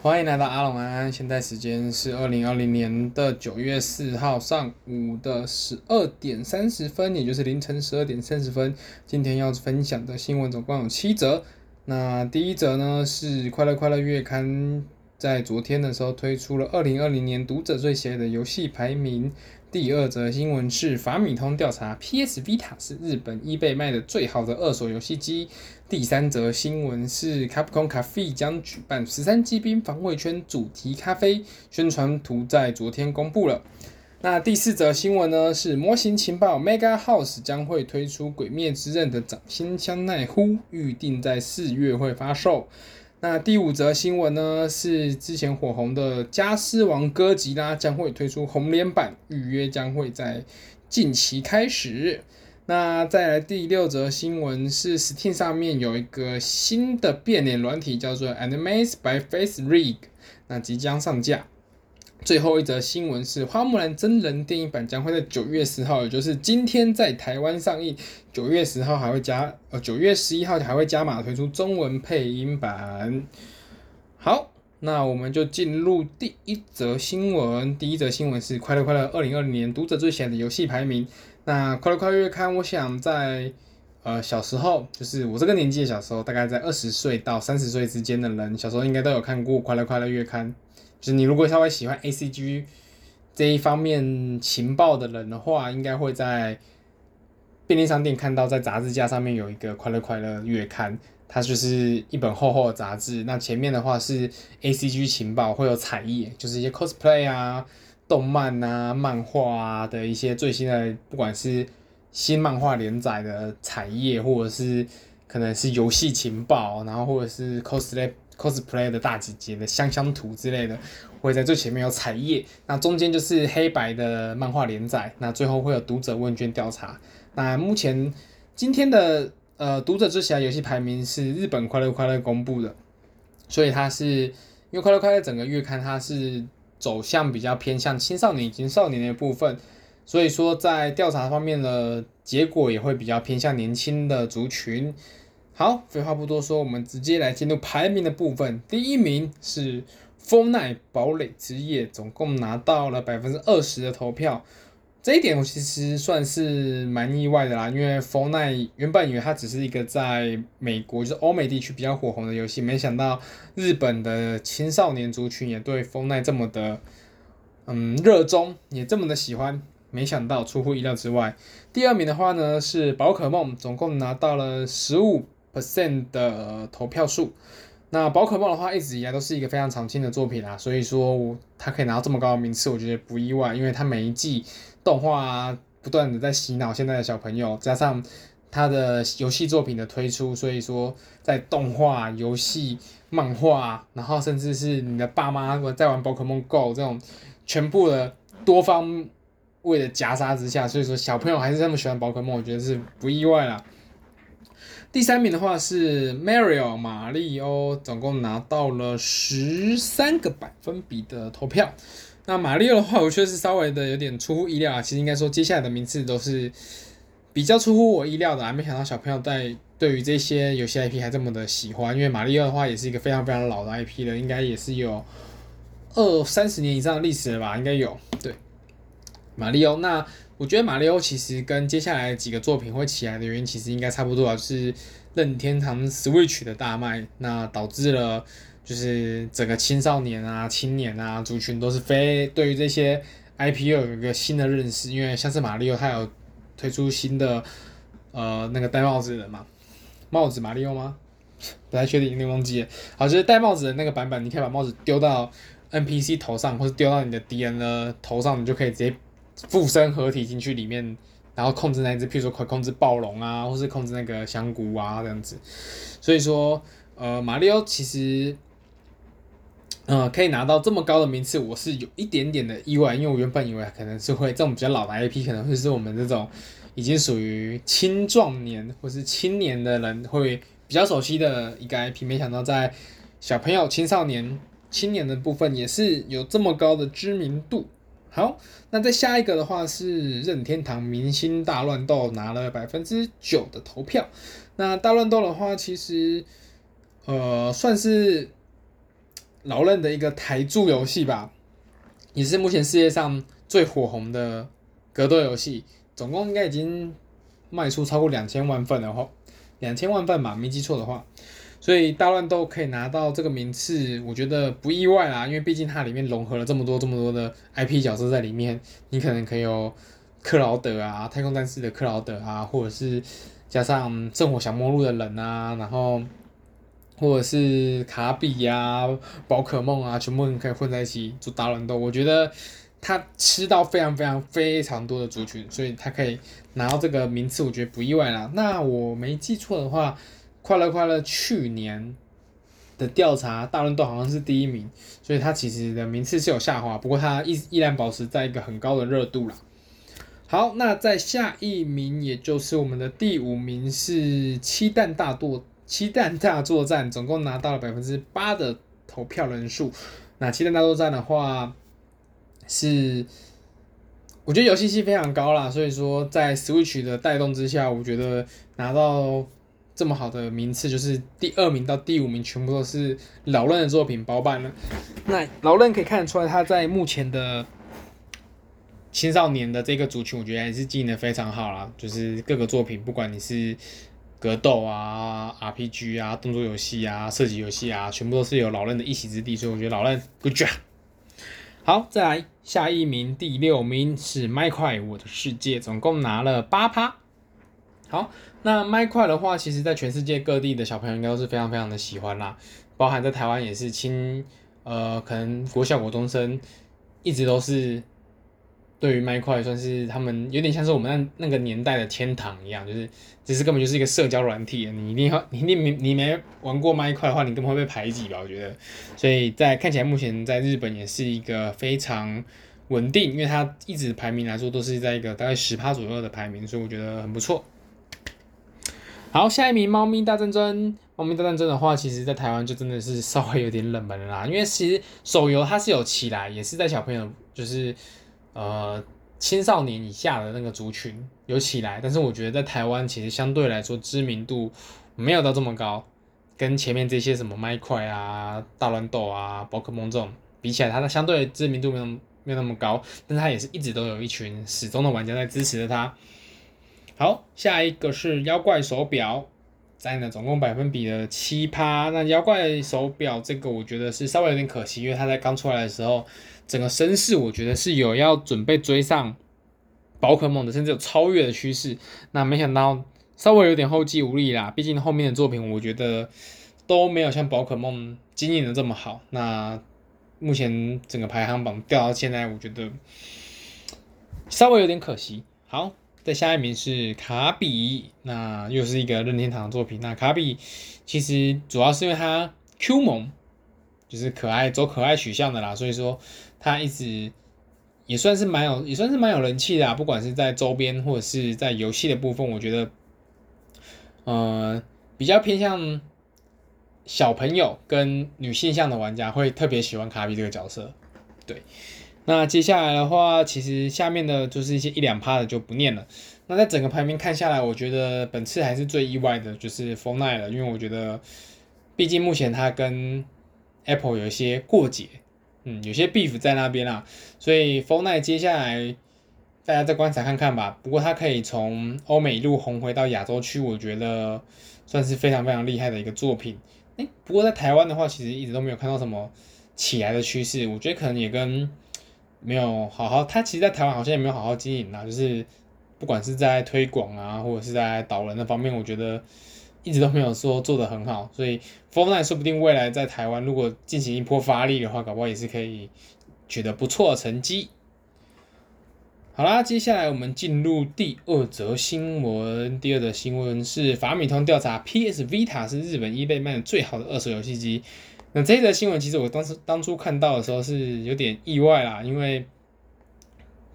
歡迎來到阿龍安安，現在時間是二零二零年的九月四號上午的十二點三十分，也就是凌晨十二點三十分。今天要分享的新聞總共有七則。那第一則呢是《快樂快樂月刊》在昨天的時候推出了二零二零年讀者最喜愛的遊戲排名。第二則新聞是法米通調查，PS Vita 是日本 ebay 賣的最好的二手遊戲機。第三則新聞是 Capcom Cafe 將舉辦《十三機兵防衛圈》主題咖啡，宣傳圖在昨天公布了。那第四則新聞呢？是模型情報 Mega House 將會推出《鬼滅之刃》的掌心香奈乎，預定在四月會發售。那第五則新聞呢？是之前火紅的《加濕王哥吉拉》將會推出紅蓮版，預約將會在近期開始。那再來第六則新聞是 Steam 上面有一個新的變臉軟體，叫做 Animaze by FaceRig，那即將上架。最後一則新聞是《花木蘭》真人電影版將會在九月十號，也就是今天，在台灣上映。九月十號還會加，呃，九月十一號還會加碼推出中文配音版。好，那我們就進入第一則新聞。第一則新聞是《快樂快樂》二零二零年讀者最喜愛的遊戲排名。那快樂快樂月刊，我想在呃小時候，就是我這個年紀的小時候，大概在二十歲到三十歲之間的人，小時候應該都有看過快樂快樂月刊。就是你如果稍微喜歡 ACG 這一方面情報的人的話，應該會在便利商店看到，在雜誌架上面有一個快樂快樂月刊，它就是一本厚厚的雜誌。那前面的話是 ACG 情報，會有彩頁，就是一些 cosplay 啊。動漫啊、漫畫啊的一些最新的，不管是新漫畫連載的彩頁，或者是可能是遊戲情報，然後或者是 cosplay、cosplay 的大姐姐的香香圖之類的，會在最前面有彩頁，那中間就是黑白的漫畫連載，那最後會有讀者問卷調查。那目前今天的呃讀者之選遊戲排名是日本快樂快樂公布的，所以它是因為快樂快樂整個月刊它是。走向比較偏向青少年以及少年的部分，所以說在調查方面的結果也會比較偏向年輕的族群。好，廢話不多說，我們直接來進入排名的部分。第一名是《Fortnite》堡壘之夜，總共拿到了百分之二十的投票。這一點我其實算是蠻意外的啦，因為《Fortnite》原本以為它只是一個在美國就是歐美地區比較火紅的遊戲，沒想到日本的青少年族群也對《Fortnite》這麼的，嗯，熱衷，也這麼的喜歡，沒想到出乎意料之外。第二名的話呢是《寶可夢》，總共拿到了十五 percent 的、呃、投票數。那寶可夢的話，一直以來都是一個非常常青的作品啦、啊，所以說它可以拿到這麼高的名次，我覺得不意外，因為它每一季動畫啊，不斷的在洗腦現在的小朋友，加上它的遊戲作品的推出，所以說在動畫、遊戲、漫畫，然後甚至是你的爸媽在玩寶可夢 GO 這種全部的多方位的夾殺之下，所以說小朋友還是那麼喜歡寶可夢，我覺得是不意外啦。第三名的話是 Mario, Mario 瑪里歐，總共拿到了十三個百分比的投票。那馬里奧的話，我確實稍微的有點出乎意料啊。其實應該說，接下來的名次都是比較出乎我意料的啊。沒想到小朋友在對於這些遊戲 IP 還這麼的喜歡，因為馬里奧的話也是一個非常非常老的 IP 了，應該也是有二三十年以上的歷史了吧應？應該有。對，馬里歐，Mario, 那。我覺得馬里奧其實跟接下來幾個作品會起來的原因其實應該差不多啊，就是任天堂 Switch 的大賣，那導致了就是整個青少年啊、青年啊族群，都是非對於這些 IP 有一個新的認識，因為像是馬里奧，它有推出新的呃那個戴帽子的嘛，帽子馬里奧嗎？不太確定，你忘記。好，就是戴帽子的那個版本，你可以把帽子丟到 NPC 頭上，或者丟到你的敵人的頭上，你就可以直接。附身合體進去裡面，然後控制那隻，譬如說控制暴龍啊，或是控制那個香菇啊這樣子。所以說，呃，馬里奧其實，嗯、呃，可以拿到這麼高的名次，我是有一點點的意外，因為我原本以為可能是會這種比較老的 IP，可能會是我們這種已經屬於青壯年或是青年的人會比較熟悉的一個 IP，沒想到在小朋友、青少年、青年的部分也是有這麼高的知名度。好，那再下一個的話是任天堂《明星大亂鬥》，拿了百分之九的投票。那《大亂鬥》的話，其實呃算是老任的一個台柱遊戲吧，也是目前世界上最火紅的格鬥遊戲，總共應該已經賣出超過兩千萬份了吼，兩千萬份吧，沒記錯的話。所以大亂鬥可以拿到這個名次，我覺得不意外啦，因為畢竟它裡面融合了這麼多這麼多的 IP 角色在裡面，你可能可以有克勞德啊，太空戰士的克勞德啊，或者是加上聖火降魔錄的人啊，然後或者是卡比呀、啊、寶可夢啊，全部你可以混在一起做大亂鬥。我覺得它吃到非常非常非常多的族群，所以它可以拿到這個名次，我覺得不意外啦。那我沒記錯的話。快樂快樂去年的調查，大亂鬥好像是第一名，所以他其實的名次是有下滑，不過他依依然保持在一個很高的熱度啦。好，那在下一名，也就是我們的第五名是漆彈大作漆彈大作戰，總共拿到了百分之八的投票人數。那漆彈大作戰的話是，我覺得遊戲性非常高啦，所以說在 Switch 的帶動之下，我覺得拿到。這麼好的名次，就是第二名到第五名全部都是老任的作品包辦了。那老任可以看得出來，他在目前的青少年的這個族群，我覺得還是經營的非常好啦。就是各個作品，不管你是格鬥啊、RPG 啊、動作遊戲啊、射擊遊戲啊，全部都是有老任的一席之地。所以我覺得老任 Good job。好，再來下一名，第六名是《麥塊我的世界》，總共拿了八趴。好，那麥塊的話，其實在全世界各地的小朋友應該都是非常非常的喜歡啦，包含在台灣也是，親，呃，可能國小國中生一直都是對於麥塊算是他們有點像是我們那那個年代的天堂一樣，就是只是根本就是一個社交軟體，你一定要你一定沒你沒玩過麥塊的話，你根本會被排擠吧？我覺得，所以在看起來目前在日本也是一個非常穩定，因為它一直排名來說都是在一個大概十趴左右的排名，所以我覺得很不錯。好，下一名《貓咪大戰爭》。《貓咪大戰爭》的話，其實在台灣就真的是稍微有點冷門了啦。因為其實手遊它是有起來，也是在小朋友，就是呃青少年以下的那個族群有起來。但是我覺得在台灣其實相對來說知名度沒有到這麼高，跟前面這些什麼《麥塊》啊、《大亂鬥》啊、《寶可夢》這種比起來，它相對的知名度沒有沒有那麼高。但是它也是一直都有一群始終的玩家在支持着它。好，下一個是妖怪手錶，占了，總共百分比的七趴。那妖怪手錶這個，我覺得是稍微有點可惜，因為它在剛出來的時候，整個聲勢我覺得是有要準備追上寶可夢的，甚至有超越的趨勢。那沒想到稍微有點後繼無力啦，畢竟後面的作品我覺得都沒有像寶可夢經營的這麼好。那目前整個排行榜掉到現在，我覺得稍微有點可惜。好。再下一名是卡比，那又是一個任天堂作品。那卡比其實主要是因為他 Q 萌，就是可愛，走可愛取向的啦，所以說他一直也算是蠻有，也算是蠻有人氣的啦。不管是在周邊或者是在遊戲的部分，我覺得，呃，比較偏向小朋友跟女性向的玩家會特別喜歡卡比這個角色，對。那接下來的話，其實下面的就是一些一兩趴的就不念了。那在整個排名看下來，我覺得本次還是最意外的就是 Fortnite 了，因為我覺得，畢竟目前它跟 Apple 有一些過節，嗯，有些 Beef 在那邊啦、啊，所以 Fortnite 接下來大家再觀察看看吧。不過它可以從歐美一路紅回到亞洲區，我覺得算是非常非常厲害的一個作品。誒、欸，不過在台灣的話，其實一直都沒有看到什麼起來的趨勢，我覺得可能也跟。沒有好好，他其實，在台灣好像也沒有好好經營啊，就是不管是在推廣啊，或者是在導人那方面，我覺得一直都沒有說做得很好。所以，Fortnite 說不定未來在台灣如果進行一波發力的話，搞不好也是可以取得不錯的成績。好啦，接下來我們進入第二則新聞。第二則新聞是法米通調查，PS Vita 是日本 ebay ebay 賣得最好的二手遊戲機。嗯、這則新聞其實我當時當初看到的時候是有點意外啦，因為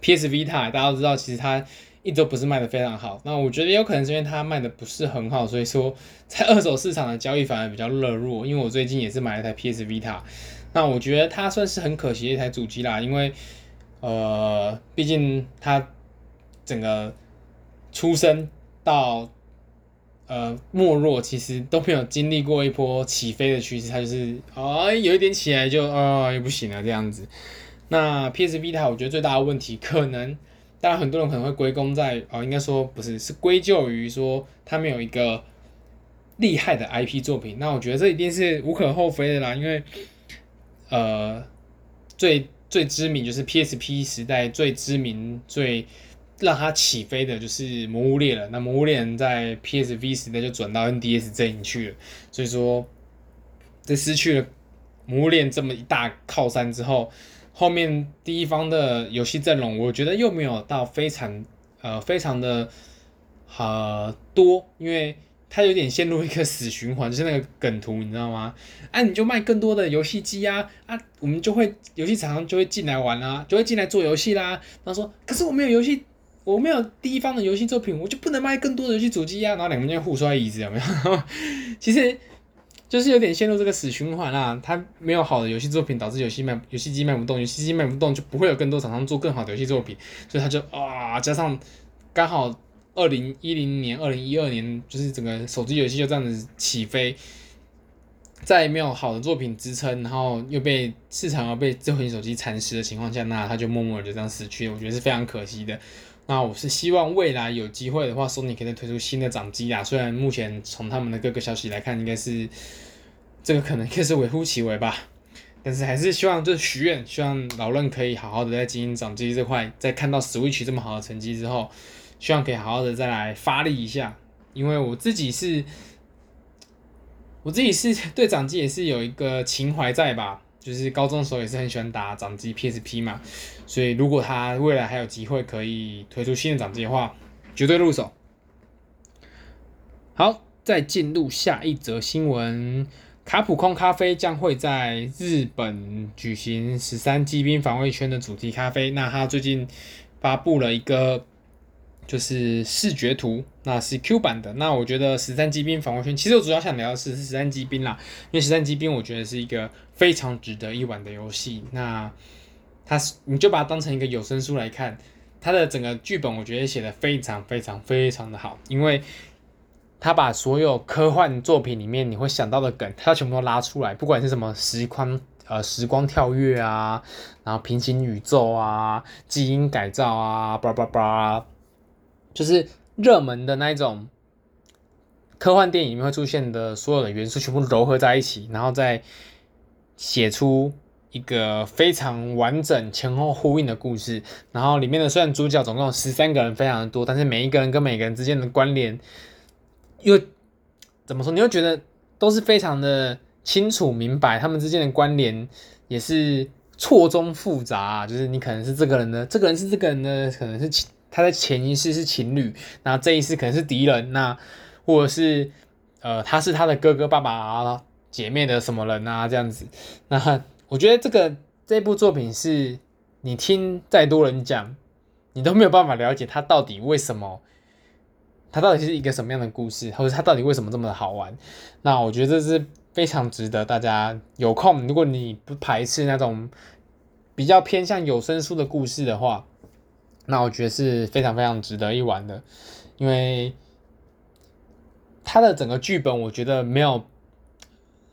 PS Vita 大家都知道，其實它一直都不是賣的非常好。那我覺得有可能是因為它賣的不是很好，所以說在二手市場的交易反而比較熱絡。因為我最近也是買了一台 PS Vita，那我覺得它算是很可惜的一台主機啦，因為呃，畢竟它整個出生到。呃，沒落其實都沒有經歷過一波起飛的趨勢，他就是啊、哦、有一點起來就啊也、哦、不行了這樣子。那 PS Vita 我覺得最大的問題可能，當然很多人可能會歸功在啊、哦，應該說不是，是歸咎於說他沒有一個厲害的 IP 作品。那我覺得這一定是無可厚非的啦，因為呃，最最知名就是 PSP 時代最知名最讓他起飛的就是魔物獵人，那魔物獵人在 PSV 時代就轉到 NDS 陣營去了，所以說這失去了魔物獵人這麼一大靠山之後，後面第一方的遊戲陣容，我覺得又沒有到非常呃非常的呃多，因為他有點陷入一個死循環，就是那個梗圖，你知道嗎？啊，你就賣更多的遊戲機呀，啊，我們就會遊戲廠商就會進來玩啦、啊，就會進來做遊戲啦。他說，可是我沒有遊戲。我沒有第一方的遊戲作品，我就不能賣更多的遊戲主機呀、啊。然後兩邊就互摔椅子，有沒有？ 其實就是有點陷入這個死循環啊。它沒有好的遊戲作品，導致遊戲賣遊戲機賣不動，遊戲機賣不動就不會有更多廠商做更好的遊戲作品。所以它就啊，加上剛好二零一零年、二零一二年，就是整個手機遊戲就這樣子起飛。在沒有好的作品支撐，然後又被市場又被智能手機蠶食的情況下，那它就默默的就這樣死去。我覺得是非常可惜的。那我是希望未來有機會的話，索尼可以推出新的掌機啊。雖然目前從他們的各個消息來看，應該是這個可能也是微乎其微吧。但是還是希望就是許願，希望老任可以好好的在經營掌機這塊，在看到 Switch 這麼好的成績之後，希望可以好好的再來發力一下。因為我自己是，我自己是對掌機也是有一個情懷在吧。就是高中的時候也是很喜歡打掌機 PSP 嘛，所以如果他未來還有機會可以推出新的掌機的話，絕對入手。好，再進入下一則新聞，卡普空咖啡將會在日本舉行十三機兵防衛圈的主題咖啡。那他最近發布了一個。就是視覺圖，那是 Q 版的。那我覺得《十三機兵防衛圈》其實我主要想聊的是《十三機兵》啦，因為《十三機兵》我覺得是一個非常值得一玩的遊戲。那它是你就把它當成一個有聲書來看，它的整個劇本我覺得寫得非常非常非常的好，因為它把所有科幻作品裡面你會想到的梗，它全部都拉出來，不管是什麼時空、呃時光跳躍啊，然後平行宇宙啊、基因改造啊，叭叭叭。就是熱門的那一種科幻電影裡面會出現的所有的元素全部糅合在一起，然後再寫出一個非常完整前後呼應的故事。然後裡面的雖然主角總共有十三個人，非常的多，但是每一個人跟每個人之間的關聯又怎麼說？你又覺得都是非常的清楚明白，他們之間的關聯也是錯綜複雜啊，就是你可能是這個人的，這個人是這個人的，可能是。他的前一世是情侶，那這一世可能是敵人，那或者是呃，他是他的哥哥、爸爸、啊、姐妹的什麼人啊？這樣子，那我覺得這個這部作品是你聽再多人講，你都沒有辦法了解他到底為什麼，他到底是一個什麼樣的故事，或者他到底為什麼這麼的好玩？那我覺得這是非常值得大家有空，如果你不排斥那種比較偏向有聲書的故事的話。那我覺得是非常非常值得一玩的，因為它的整個劇本，我覺得沒有，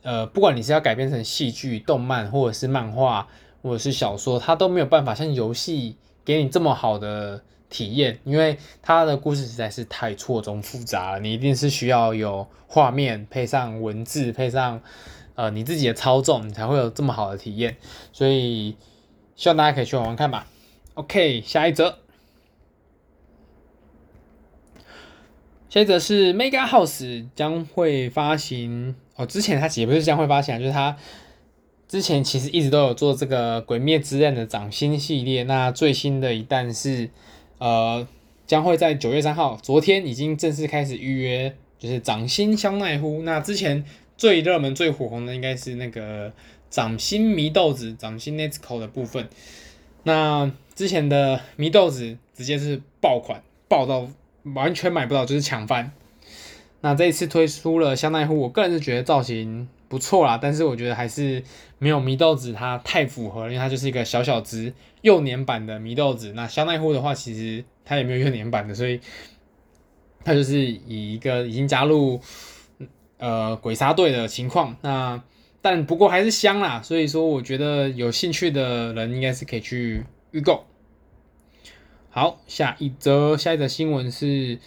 呃，不管你是要改編成戲劇、動漫，或者是漫畫，或者是小說，它都沒有辦法像遊戲給你這麼好的體驗，因為它的故事實在是太錯綜複雜了，你一定是需要有畫面配上文字，配上呃你自己的操縱，你才會有這麼好的體驗，所以希望大家可以去玩玩看吧。OK，下一則。接着是 Mega House 將會發行哦，之前它也不是將會發行，啊，就是它之前其實一直都有做這個《鬼滅之刃》的掌心系列。那最新的一彈是呃，將會在九月三號，昨天已經正式開始預約，就是掌心香奈乎。那之前最熱門、最火紅的應該是那個掌心禰豆子、掌心 Nezuko 的部分。那之前的禰豆子直接是爆款，爆到。完全買不到，就是搶翻。那這一次推出了香奈乎，我個人是覺得造型不錯啦，但是我覺得還是沒有禰豆子它太符合，因為它就是一個小小只幼年版的禰豆子。那香奈乎的話，其實它也沒有幼年版的，所以它就是以一個已經加入呃鬼殺隊的情況。那但不過還是香啦，所以說我覺得有興趣的人應該是可以去預購。好，下一則，下一則新聞是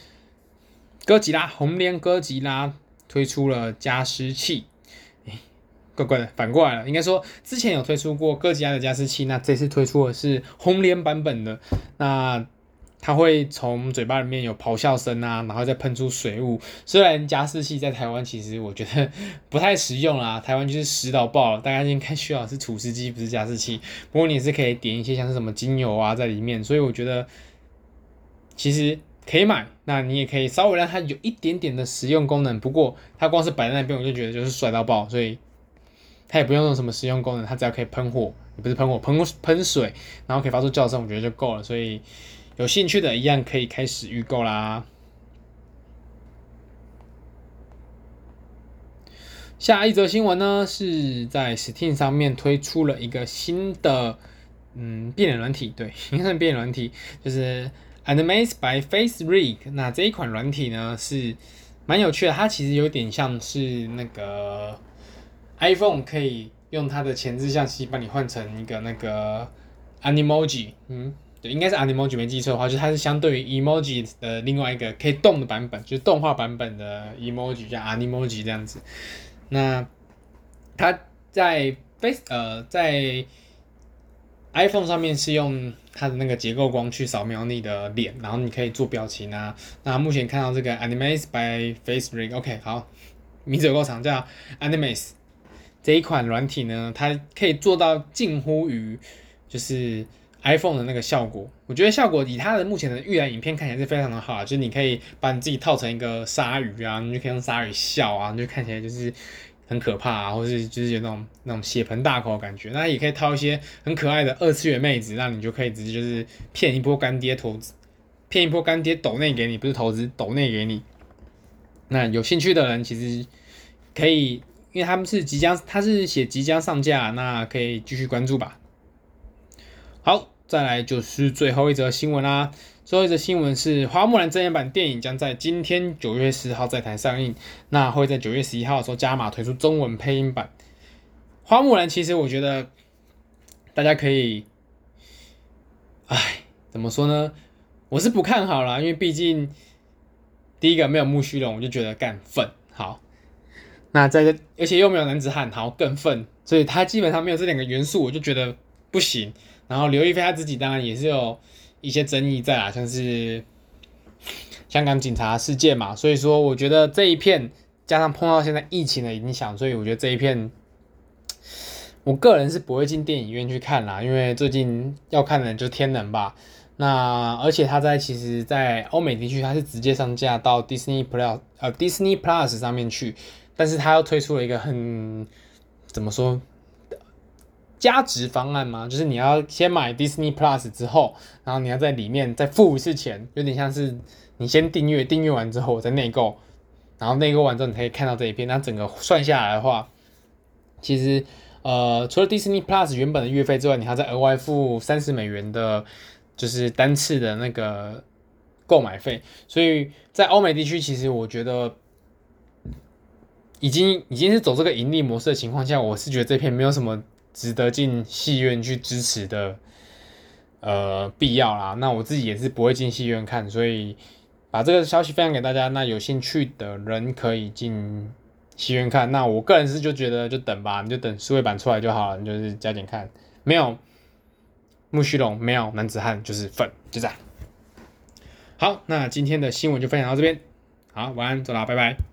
哥吉拉紅蓮哥吉拉推出了加濕器。欸，怪怪的，反過來了，應該說之前有推出過哥吉拉的加濕器，那這次推出的是紅蓮版本的。那。它會從嘴巴裡面有咆哮聲啊，然後再噴出水霧。雖然加濕器在台灣其實我覺得不太實用啦，台灣就是濕到爆了。大家應該需要的是除濕機，不是加濕器，不過你也是可以點一些像是什麼精油啊在裡面，所以我覺得其實可以買。那你也可以稍微讓它有一點點的實用功能。不過它光是擺在那邊我就覺得就是帥到爆，所以它也不用用什麼實用功能，它只要可以噴火，也不是噴火，噴噴水，然後可以發出叫聲，我覺得就夠了。所以。有興趣的，一樣可以開始預購啦。下一則新聞呢，是在 Steam 上面推出了一個新的，嗯，變臉軟體，對，形成變臉軟體，就是 Animaze by FaceRig。那這一款軟體呢，是蠻有趣的，它其實有點像是那個 iPhone 可以用它的前置相機幫你換成一個那個 Animoji 嗯。應該是 animoji，沒記錯的話，就是它是相對於 emoji 的另外一個可以動的版本，就是動畫版本的 emoji，叫 animoji 這樣子。那它在 Face，呃，在 iPhone 上面是用它的那個結構光去掃描你的臉，然後你可以做表情啊。那目前看到這個 Animaze by FaceRig，OK、okay，好，名字夠長，叫 Animaze。這一款軟體呢，它可以做到近乎於就是。iPhone 的那個效果，我覺得效果以它的目前的預覽影片看起來是非常的好啊，就是你可以把你自己套成一個鯊魚啊，你就可以用鯊魚笑啊，你就看起來就是很可怕啊，或是就是有那種那種血盆大口的感覺。那也可以套一些很可愛的二次元妹子，那你就可以直接就是騙一波乾爹投資，騙一波乾爹抖內給你，不是投資，抖內給你。那有興趣的人其實可以，因為他們是即將，他是寫即將上架，那可以繼續關注吧。好。再來就是最後一則新聞啦。最後一則新聞是《花木蘭》真人版電影將在今天九月十號在台上映，那會在九月十一號的時候加碼推出中文配音版《花木蘭》。其實我覺得大家可以，哎，怎麼說呢？我是不看好了，因為畢竟第一個沒有木須龍，我就覺得幹糞好。那再而且又沒有男子漢，好更糞，所以他基本上沒有這兩個元素，我就覺得不行。然後劉亦菲她自己當然也是有一些爭議在啦，像是香港警察事件嘛，所以說我覺得這一片加上碰到現在疫情的影響，所以我覺得這一片，我個人是不會進電影院去看啦，因為最近要看的人就《天能》吧。那而且他在其實在歐美地區他是直接上架到 Disney Plus 呃 Disney Plus 上面去，但是他又推出了一個很怎麼說？加值方案嗎？就是你要先買 Disney Plus 之後，然後你要在裡面再付一次錢，有點像是你先訂閱，訂閱完之後我再內購，然後內購完之後你可以看到這一片。那整個算下來的話，其實呃，除了 Disney Plus 原本的月費之外，你還要再額外付三十美元的，就是單次的那個購買費。所以在歐美地區，其實我覺得已經已經是走這個盈利模式的情況下，我是覺得這片沒有什麼。值得進戲院去支持的，呃，必要啦。那我自己也是不會進戲院看，所以把這個消息分享給大家。那有興趣的人可以進戲院看。那我個人是就覺得就等吧，你就等數位版出來就好了，你就是加緊看。沒有木須龍，沒有男子漢就是粉，就這樣。好，那今天的新聞就分享到這邊。好，晚安，走啦，拜拜。